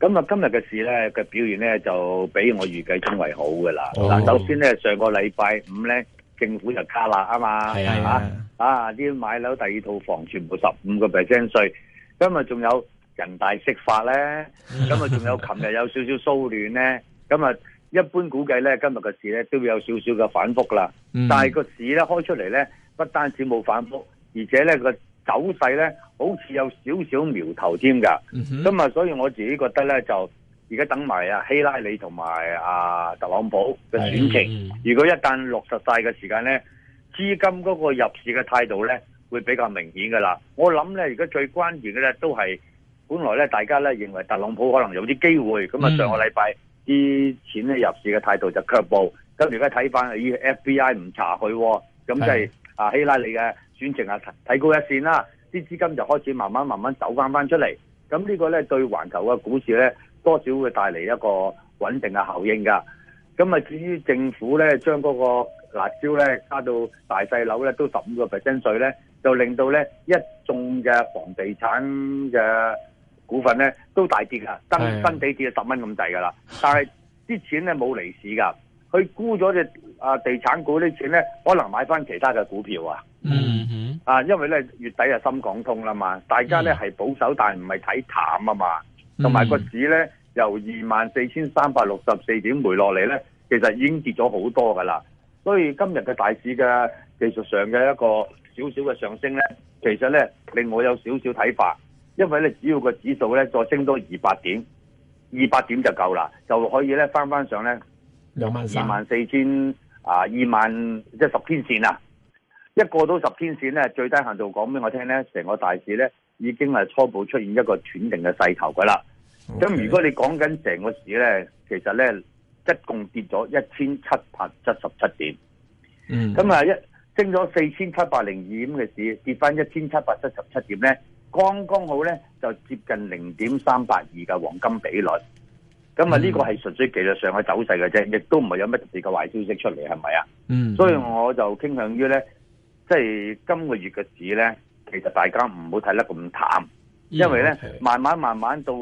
咁啊，今日嘅市咧嘅表現咧就比我預計中為好嘅啦。嗱，oh. 首先咧，上個禮拜五咧，政府就加辣吧的啊嘛，嚇！啊啲買樓第二套房全部十五個 percent 稅。今日仲有人大釋法咧，今日仲有琴日有少少騷亂咧。咁啊，一般估計咧，今日嘅市咧都會有少少嘅反覆啦。 但係個市咧開出嚟咧，不單止冇反覆，而且咧個。走勢咧，好似有少少苗頭添噶，咁啊、mm hmm. 嗯，所以我自己覺得咧，就而家等埋啊希拉里同埋啊特朗普嘅選情，mm hmm. 如果一旦落實晒嘅時間咧，資金嗰個入市嘅態度咧，會比較明顯噶啦。我諗咧，而家最關鍵嘅咧，都係本來咧，大家咧認為特朗普可能有啲機會，咁啊、mm，hmm. 上個禮拜啲錢咧入市嘅態度就卻步，咁而家睇翻呢 FBI 唔查佢喎，咁即係啊希拉里嘅。轉型啊，提高一線啦，啲資金就開始慢慢慢慢走翻翻出嚟，咁呢個咧對環球嘅股市咧多少會帶嚟一個穩定嘅效應㗎。咁啊，至於政府咧將嗰個辣椒咧加到大細樓咧都十五個 percent 稅咧，就令到咧一眾嘅房地產嘅股份咧都大跌㗎，新地跌十蚊咁滯㗎啦。但係啲錢咧冇離市㗎，佢沽咗隻啊地產股啲錢咧，可能買翻其他嘅股票啊。嗯。啊，因為咧月底啊深港通啦嘛，大家咧係保守，但係唔係睇淡啊嘛，同埋個指咧由二萬四千三百六十四點回落嚟咧，其實已經跌咗好多噶啦，所以今日嘅大市嘅技術上嘅一個少少嘅上升咧，其實咧令我有少少睇法，因為咧只要個指數咧再升到二八點，二八點升多二百點，二百點就夠啦，就可以咧翻翻上咧兩萬三、二萬四千啊，二萬即係十天線啊。一過到十天線咧，最低限度講俾我聽咧，成個大市咧已經係初步出現一個轉定嘅勢頭噶啦。咁 Okay. 如果你講緊成個市咧，其實咧一共跌咗一千七百七十七點，嗯、mm，咁、hmm. 啊一升咗四千七百零二點嘅市跌翻一千七百七十七點咧，剛剛好咧就接近零點三八二嘅黃金比率。咁啊呢個係純粹技術上嘅走勢嘅啫，亦都唔係有乜特別嘅壞消息出嚟，係咪啊？嗯、mm，hmm. 所以我就傾向於咧。即係今個月嘅市咧，其實大家唔好睇得咁淡，因為咧、嗯、慢慢慢慢到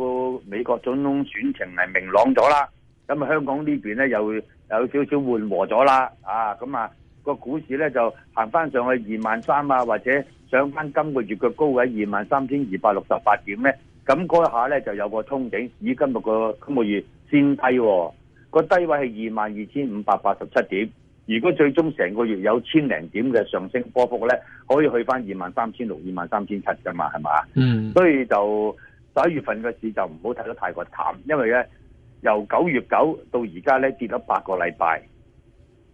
美國總統選情係明朗咗啦，咁啊香港這邊呢邊咧又有少少緩和咗啦，啊咁啊個股市咧就行翻上去二萬三啊，或者上翻今個月嘅高位二萬三千二百六十八點咧，咁嗰一下咧就有個憧憬，以、哎、今日個今個月先低喎、哦，個低位係二萬二千五百八十七點。如果最終成個月有千零點嘅上升波幅咧，可以去翻二萬三千六、二萬三千七㗎嘛，係嘛？嗯。所以就十一月份嘅市就唔好睇得太過淡，因為咧由九月九到而家咧跌咗八個禮拜，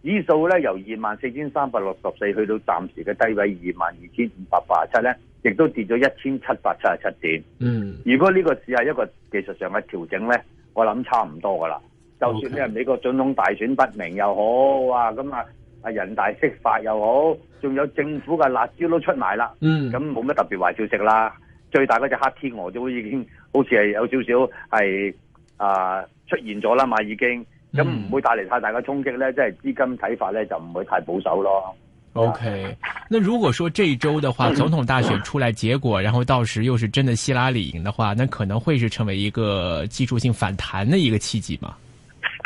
指數咧由二萬四千三百六十四去到暫時嘅低位二萬二千五百八十七咧，亦都跌咗一千七百七十七點。嗯。Mm. 如果呢個市係一個技術上嘅調整咧，我諗差唔多㗎啦。就算你係美國總統大選不明又好，啊，咁啊，啊人大釋法又好，仲有政府嘅辣招都出埋啦，咁冇乜特別壞消息啦。最大嗰隻黑天鵝都已經好似係有少少係啊、呃、出現咗啦嘛，已經咁唔會帶嚟太大嘅衝擊咧。嗯、即係資金睇法咧就唔會太保守咯。O Okay . K、嗯、那如果說這一週嘅話， 總統大選出來結果，然後到時又是真的希拉里贏嘅話，那可能會是成為一個技術性反彈嘅一個契機嘛？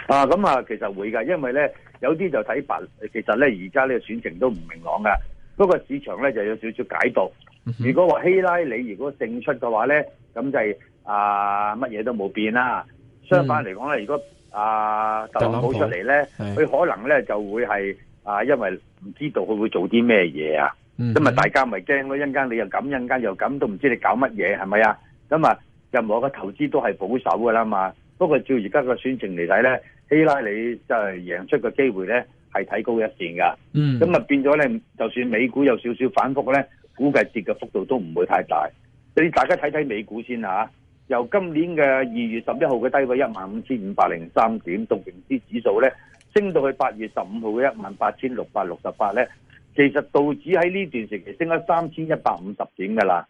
啊，咁啊，其實會噶，因為咧有啲就睇白，其實咧而家呢個選情都唔明朗噶，不過市場咧就有少少解讀。嗯、哼如果話希拉里如果勝出嘅話咧，咁就係、是、啊乜嘢都冇變啦。相反嚟講咧，嗯、如果啊特朗，特朗普出嚟咧，佢的可能咧就會係啊，因為唔知道佢會做啲咩嘢啊，咁啊、嗯、哼大家咪驚咯，一陣間你又咁，一陣間又咁，都唔知你搞乜嘢係咪啊？咁啊任何嘅投資都係保守噶啦嘛。不過照而家個選情嚟睇咧，希拉里真係贏出嘅機會咧係睇高一線噶。咁啊、嗯、變咗咧，就算美股有少少反復咧，估計跌嘅幅度都唔會太大。你大家睇睇美股先吓、啊，由今年嘅二月十一號嘅低位一萬五千五百零三點，到成隻指數咧升到去八月十五號嘅一萬八千六百六十八咧，其實道指喺呢段時期升咗三千一百五十點噶啦。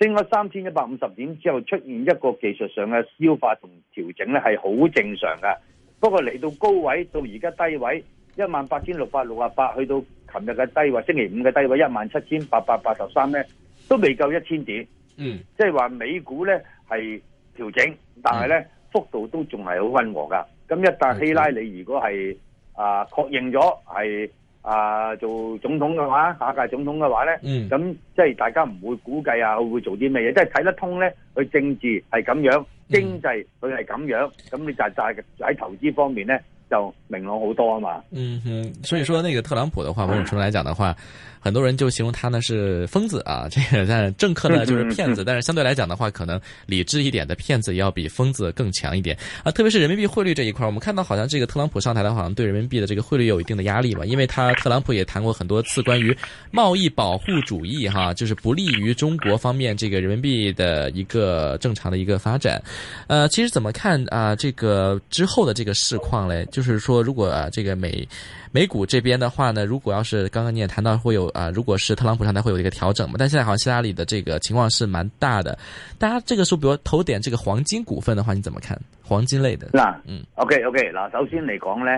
升咗三千一百五十點之後出現一個技術上嘅消化同調整咧係好正常㗎，不過嚟到高位到而家低位一萬八千六百六十八，68, 去到琴日嘅低位星期五嘅低位一萬七千八百八十三咧，83, 都未夠一千點。嗯，即係話美股咧係調整，但係咧幅度都仲係好溫和㗎。咁一旦希拉里如果係啊確認咗係，係啊、呃，做總統嘅話，下屆總統嘅話咧，咁、嗯、即係大家唔會估計啊，會做啲咩嘢？即係睇得通咧，佢政治係咁樣，經濟佢係咁樣，咁、嗯、你就就喺投資方面咧。就明朗好多啊嘛，嗯哼，所以說那個特朗普的話，某種程度來講的話，很多人就形容他呢是瘋子啊，這個但政客呢就是騙子，但是相對來講的話，可能理智一點的騙子要比瘋子更強一點啊。特別是人民幣匯率這一塊，我們看到好像這個特朗普上台的話，好像對人民幣的這個匯率有一定的壓力嘛，因為他特朗普也談過很多次關於貿易保護主義，哈、啊，就是不利於中國方面這個人民幣的一個正常的一個發展。呃、啊，其實怎麼看啊？這個之後的這個市況嘞。就是說，如果這個美美股這邊的話呢，如果要是剛剛你也談到會有啊，如果是特朗普上台會有一個調整嘛？但現在好像希拉里的這個情況是蠻大的。大家這個時候，比如投點這個黃金股份的話，你怎麼看黃金類的？嗱啦，嗯，OK OK，嗱，首先嚟講呢，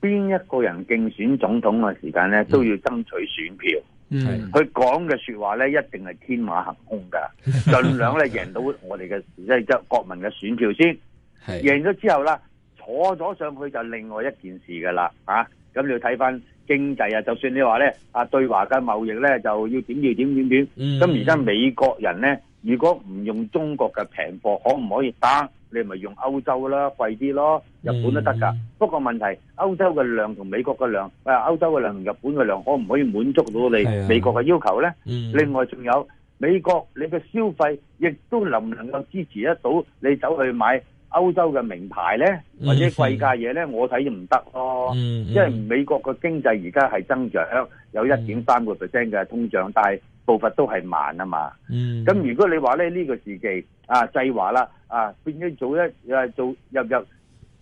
邊一個人競選總統嘅時間呢，都要爭取選票，嗯，佢講嘅說話呢，一定係天馬行空噶，盡 量咧贏到我哋嘅即係即係國民嘅選票先，係是贏咗之後啦。坐咗上去就另外一件事噶啦，啊，咁你要睇翻經濟啊。就算你話咧，啊對華嘅貿易咧就要點要點點點，咁而家美國人咧，如果唔用中國嘅平貨，可唔可以得？你咪用歐洲咯，貴啲咯，日本都得噶。嗯、不過問題，歐洲嘅量同美國嘅量，啊，歐洲嘅量同日本嘅量，可唔可以滿足到你的美國嘅要求咧？嗯、另外仲有美國你嘅消費，亦都能唔能夠支持得到你走去買？歐洲嘅名牌咧，或者貴價嘢咧，我睇唔得咯。因為美國嘅經濟而家係增長，有一點三個 percent 嘅通脹，但係步伐都係慢啊嘛。咁如果你話咧呢個時期啊，製華啦啊，變咗做一啊做入入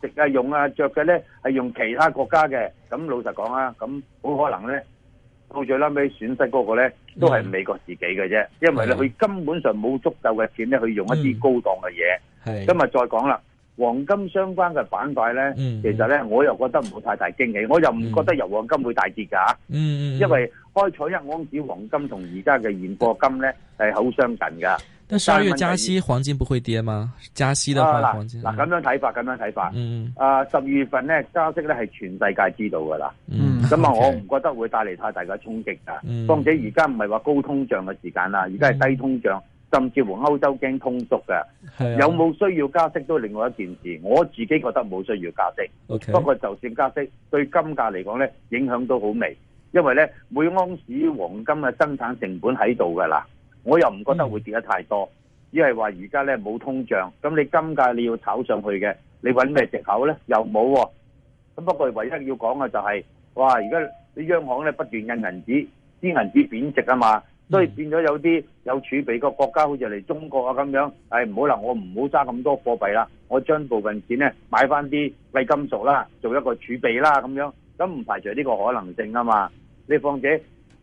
食啊用啊着嘅咧，係用其他國家嘅，咁老實講啊，咁好可能咧。到最拉尾損失嗰個咧，都係美國自己嘅啫，因為咧佢根本上冇足夠嘅錢咧去用一啲高檔嘅嘢。嗯、今日再講啦，黃金相關嘅板塊咧，其實咧我又覺得唔會太大驚喜，我又唔覺得入黃金會大跌㗎、嗯。嗯，嗯因為開採一盎司黃金同而家嘅現貨金咧係好相近㗎。那十二月加息，黃金不會跌嗎？加息的話，啊、黃嗱金咁、啊、樣睇法，咁樣睇法，嗯，啊，十二月份咧加息咧係全世界知道噶啦，嗯，咁啊我唔覺得會帶嚟太大嘅衝擊噶，況且而家唔係話高通脹嘅時間啦，而家係低通脹，嗯、甚至乎歐洲驚通縮嘅，係、啊、有冇需要加息都另外一件事，我自己覺得冇需要加息，OK，不過就算加息對金價嚟講咧影響都好微，因為咧每盎司黃金嘅生產成本喺度噶啦。我又唔覺得會跌得太多，只係話而家呢冇通脹，咁你金價你要炒上去嘅，你揾咩藉口呢？又冇喎、啊。咁不過唯一要講嘅就係、是，哇！而家啲央行呢不斷印銀紙，啲銀紙貶值啊嘛，所以變咗有啲有儲備個國家好似嚟中國啊咁樣，誒、哎、唔好啦，我唔好揸咁多貨幣啦，我將部分錢呢買翻啲貴金屬啦，做一個儲備啦咁樣，咁唔排除呢個可能性啊嘛。你況且。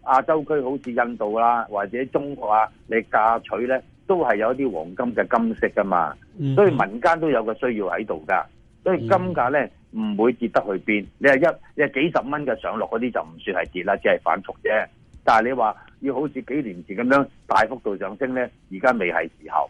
亞洲區好似印度啦，或者中國啊，你嫁娶咧都係有一啲黃金嘅金色噶嘛，所以民間都有個需要喺度㗎，所以金價咧唔會跌得去邊。你係一，你係幾十蚊嘅上落嗰啲就唔算係跌啦，只係反覆啫。但係你話要好似幾年前咁樣大幅度上升咧，而家未係時候。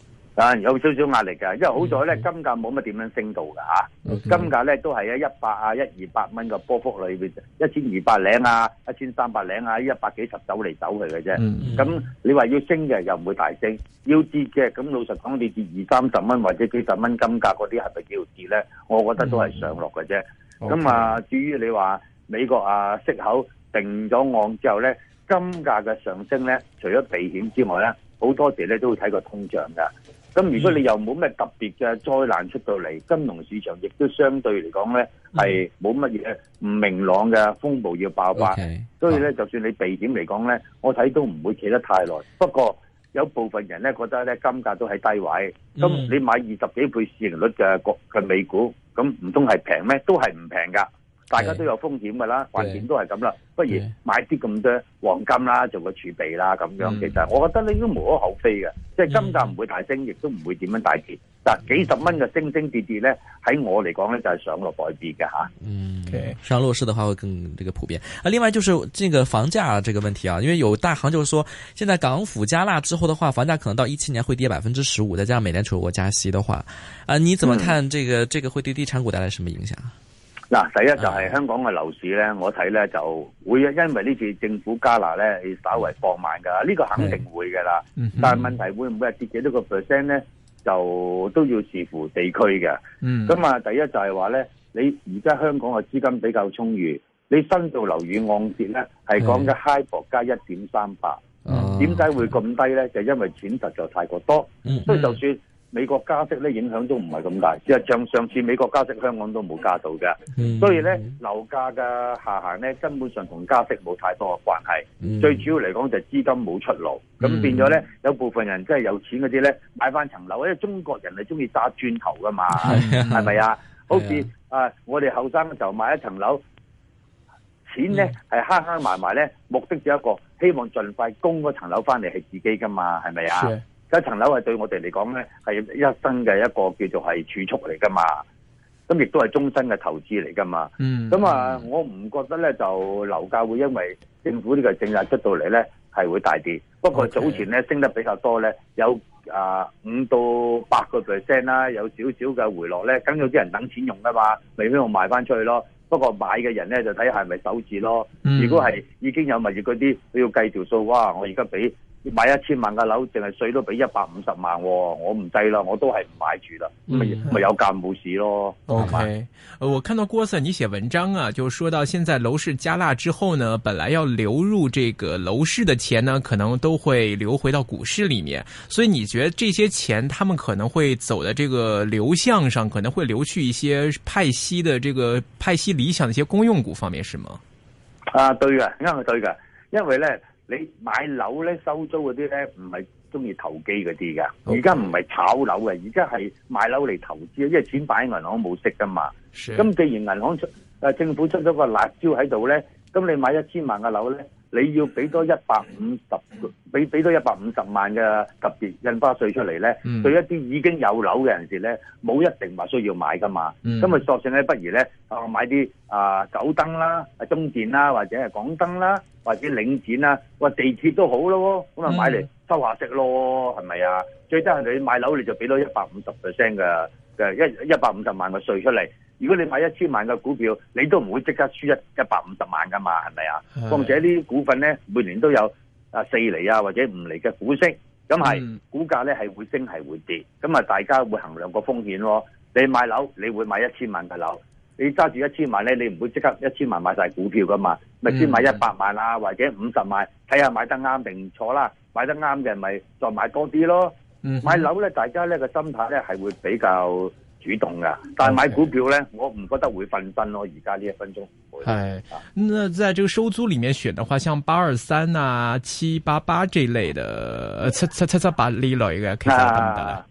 啊，有少少壓力嘅，因為好在咧金價冇乜點樣升到噶吓，嗯、金價咧都係喺一百啊一二百蚊嘅波幅裏邊，一千二百零啊一千三百零啊一百幾十走嚟走去嘅啫。咁、嗯嗯、你話要升嘅又唔會大升，要跌嘅咁老實講，你跌二三十蚊或者幾十蚊金價嗰啲係咪叫做跌咧？我覺得都係上落嘅啫。咁、嗯、啊，Okay. 至於你話美國啊息口定咗岸之後咧，金價嘅上升咧，除咗避險之外咧，好多時咧都會睇個通脹噶。咁如果你又冇咩特別嘅災難出到嚟，金融市場亦都相對嚟講咧，係冇乜嘢唔明朗嘅風暴要爆發，Okay. 所以咧就算你避險嚟講咧，我睇都唔會企得太耐。不過有部分人咧覺得咧金價都係低位，咁你買二十幾倍市盈率嘅國嘅美股，咁唔通係平咩？都係唔平噶。大家都有風險噶啦，環境都係咁啦，對不如買啲咁多黃金啦，做個儲備啦咁樣。嗯、其實我覺得你都無可厚非嘅，即係金價唔會大升，亦、嗯、都唔會點樣大跌。嗯、但幾十蚊嘅升升跌跌咧，喺我嚟講咧就係上落改變嘅，嗯，對上落市的話會更這個普遍啊。另外就是這個房價這個問題啊，因為有大行就是說，現在港府加辣之後的話，房價可能到一七年會跌百分之十五，再加上美聯儲局加息的話，啊，你怎麼看這個、嗯、這個會對地產股帶來什麼影響？嗱，第一就係香港嘅樓市咧，啊、我睇咧就會因為呢次政府加拿咧，係稍微放慢㗎，呢、這個肯定會㗎啦。嗯、但係問題會唔會跌幾多個 percent 咧？就都要視乎地區嘅。咁啊、嗯，嗯、第一就係話咧，你而家香港嘅資金比較充裕，你新造樓宇按揭咧係講緊 high 博加一點三八。點解、啊、會咁低咧？就因為錢實在太過多，嗯、哼所以就算。美國加息咧影響都唔係咁大，事實上上次美國加息，香港都冇加到嘅，嗯、所以咧樓價嘅下行咧根本上同加息冇太多嘅關係，嗯、最主要嚟講就係資金冇出路，咁、嗯、變咗咧有部分人真係有錢嗰啲咧買翻層樓，因為中國人係中意揸轉頭噶嘛，係咪啊？好似的啊，我哋後生就買一層樓，錢咧係慳慳埋埋咧，目的只一個，希望盡快供嗰層樓翻嚟係自己噶嘛，係咪啊？一層樓係對我哋嚟講咧，係一生嘅一個叫做係儲蓄嚟噶嘛，咁亦都係終身嘅投資嚟噶嘛。咁啊、嗯，我唔覺得咧，就樓價會因為政府呢個政策出到嚟咧，係會大跌。不過早前咧升得比較多咧，Okay. 有啊五到八個 percent 啦，有少少嘅回落咧，咁有啲人等錢用噶嘛，未必用賣翻出去咯。不過買嘅人咧就睇下係咪首置咯。嗯、如果係已經有物業嗰啲，要計條數哇，我而家俾。買一千萬嘅樓，淨係稅都俾一百五十萬，哦，我唔制啦，我都係唔買住啦，咪咪有價冇市咯。OK，慢慢，呃、我看到郭 Sir 你寫文章啊，就說到現在樓市加辣之後呢，本來要流入這個樓市的錢呢，可能都會流回到股市裏面，所以你覺得這些錢，他們可能會走的這個流向上，可能會流去一些派息的這個派息理想的一些公用股方面，是嗎？啊，對嘅，啱係對嘅，因為咧。你買樓咧，收租嗰啲咧，唔係中意投機嗰啲噶。而家唔係炒樓嘅，而家係買樓嚟投資，因為錢擺喺銀行冇息噶嘛。咁是既然銀行出，啊、政府出咗個辣招喺度咧，咁你買一千萬嘅樓咧？你要俾多一百五十，俾俾多一百五十萬嘅特別印花稅出嚟咧，嗯、對一啲已經有樓嘅人士咧，冇一定話需要買噶嘛。咁啊、嗯，因為索性咧，不如咧，啊買啲啊、呃、九燈啦、啊中電啦，或者係港燈啦，或者領展啦，哇地鐵都好咯，咁啊買嚟收下息咯，係咪、嗯、啊？最低係你買樓，你就俾多一百五十 percent 嘅一一百五十萬嘅稅出嚟。如果你買一千萬嘅股票，你都唔會即刻輸一一百五十萬噶嘛，係咪啊？況的、嗯、且呢啲股份咧，每年都有啊四厘啊或者五厘嘅股息，咁係股價咧係會升係會跌，咁啊大家會衡量個風險咯。你買樓，你會買一千萬嘅樓，你揸住一千萬咧，你唔會即刻一千萬買晒股票噶嘛，咪先的、嗯、買一百萬啊或者五十萬，睇下買得啱定唔錯啦，買得啱嘅咪再買多啲咯。買樓咧，大家咧個心態咧係會比較，主動噶，但係買股票咧，嗯、我唔覺得會瞓身咯。而家呢一分鐘會，係是，啊、那在這個收租裏面選的話，像八二三啊、七八八這類的、七七七七八呢類嘅，其實得唔得啊？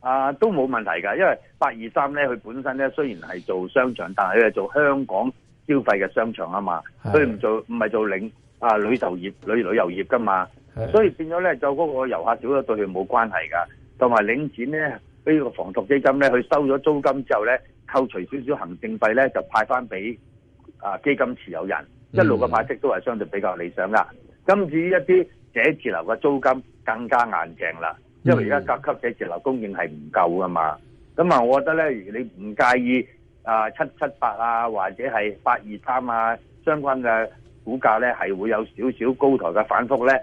啊，都冇問題噶，因為八二三咧，佢本身咧雖然係做商場，但係佢係做香港消費嘅商場啊嘛，所以唔的做唔係做領啊旅遊業、旅旅遊業噶嘛，的所以變咗咧就嗰個遊客少咗對佢冇關係噶，同埋領錢咧。呢個房託基金咧，佢收咗租金之後咧，扣除少少行政費咧，就派翻俾啊基金持有人，一路嘅派息都係相對比較理想啦。今次一啲寫字樓嘅租金更加硬淨啦，因為而家甲級寫字樓供應係唔夠㗎嘛。咁啊，我覺得咧，如果你唔介意啊七七八啊，或者係八二三啊，相關嘅股價咧，係會有少少高台嘅反覆咧。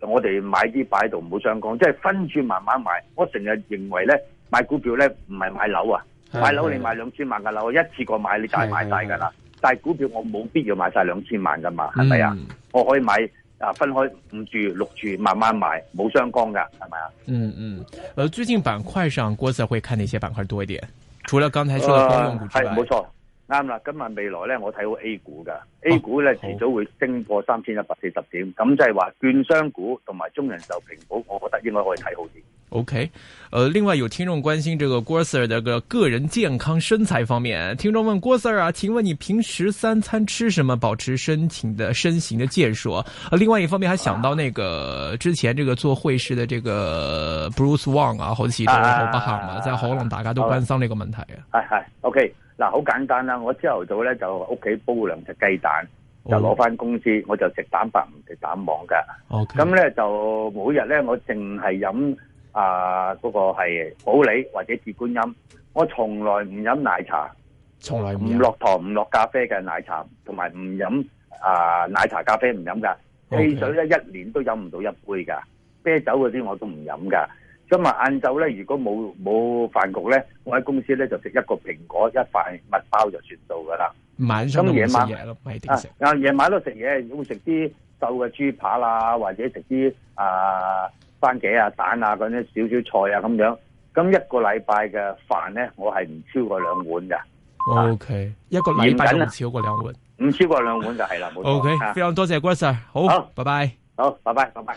我哋買啲擺度唔好相干，即係分住慢慢買。我成日認為咧，買股票咧唔係買樓啊，買樓你買兩千萬嘅樓，我一次過買你就買晒噶啦。的但係股票我冇必要買晒兩千萬噶嘛，係咪啊？的嗯、我可以買啊，分開五注六注慢慢買，冇相干噶，係咪啊？嗯嗯，誒，最近板塊上郭 s 會看哪些板塊多一點？除了剛才說的公用股係冇錯。啱啦，今日未來咧，我睇好 A 股噶，A 股咧遲早會升破三千一百四十點，咁即係話券商股同埋中人壽平保，我覺得應該可以睇好啲。OK，誒、呃，另外有聽眾關心這個郭 Sir 的個個人健康身材方面，聽眾問郭 Sir 啊，請問你平時三餐吃什麼，保持身體的身形的健碩、呃？另外一方面還想到那個、啊、之前這個做匯市的這個 Bruce Wang 啊，好似都好不幸啊，即係可能大家都關心呢個問題啊。係係、啊、，OK。嗱，好、啊、簡單啦！我朝頭早咧就屋企煲兩隻雞蛋，oh。就攞翻公司，我就食蛋白唔食蛋黃嘅。咁咧 Okay. 就每日咧我淨係飲啊嗰個係普洱或者鐵觀音，我從來唔飲奶茶，從來唔落糖唔落咖啡嘅奶茶，同埋唔飲啊奶茶咖啡，唔飲噶汽水咧一年都飲唔到一杯噶，啤酒嗰啲我都唔飲噶。今日晏晝咧，如果冇冇飯局咧，我喺公司咧就食一個蘋果、一塊麥包就算到噶啦。晚上都食嘢咯，晏夜晚都食嘢，會食啲瘦嘅豬扒啦，或者食啲啊番茄啊、蛋啊嗰啲少少菜啊咁樣。咁一個禮拜嘅飯咧，我係唔超過兩碗嘅。O K，一個禮拜都唔超過兩碗，唔超過兩碗就係啦。冇錯。O K，非常多謝郭 Sir，好，拜拜，好，拜拜，拜拜。